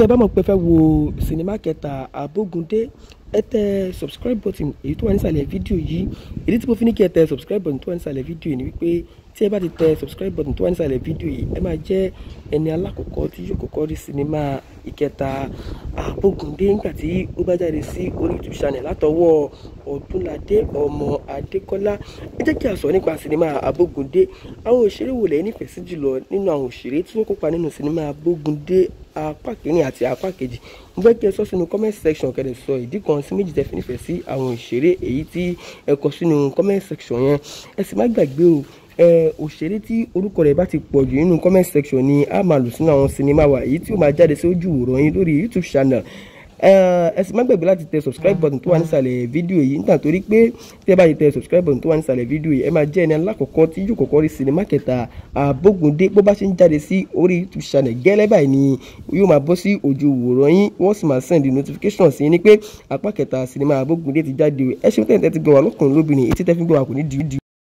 tí ẹ bá mọ̀ pé fẹ́ wo sinimá kẹta àbógundé ẹ tẹ subscribe button èyí tó wà nísàlẹ̀ fídíò yìí èyí tí mo fi ní kí ẹ tẹ subscribe button tó wà nísàlẹ̀ fídíò yìí ni wípé tí ẹ bá ti tẹ subscribe button tó wà nísàlẹ̀ fídíò yìí ẹ máa jẹ́ ẹni alákọ̀ọ́kọ́ tí yóò kọ́kọ́ rí sinimá ìkẹta àbógundé nígbà tí ó bá jáde sí orí youtube channel látọwọ́ ọdúnladé ọmọ adékọ́lá ẹ jẹ́ kí a sọ nípa sinimá àbógundé àwọn òṣèré wo lẹ nífẹ̀ẹ́ sí jùlọ nínú àwọn òṣèré tí wọ́n kópa nínú sinimá àbógundé apá kìíní àti apá kejì mo fẹ́ kí ẹ sọ sínú comment section kẹ́lẹ̀ sọ ìdí kan sí méjì tẹ́ fi nífẹ̀ẹ́ sí àwọn òṣèré èyí tí ẹ kọ sínú comment section yẹn ẹ sì má gbàgbé o òṣèré tí orúkọ rẹ̀ bá ti pọ̀ jù nínú comment section ni a máa lò sínú àwọn sinimá wa èyí tí ó máa jáde sí ojú ìwòran yín lórí YouTube channel ẹ sì má gbàgbé láti tẹ subscribe ah, button tó wà ah. nísàlẹ̀ fídíò yìí nígbà torí pé tí ẹ bá ti tẹ subscribe button tó wà nísàlẹ̀ fídíò yìí ẹ máa jẹ́ ẹni alákọ̀ọ́kọ́ tí yóò kọ́kọ́ rí sinimá kẹta àbógundé bó bá ṣe ń jáde sí orí youtube channel gẹ́lẹ́ báyìí ni yóò máa bọ́ sí ojú wòrán yín wọ́n sì máa send notification sí ni pé apá kẹta sinimá àbógundé ti jáde ẹ ṣe tẹ̀ tẹ́ ti gbọ́ wà lọ́kùnrin lóbìnrin ètí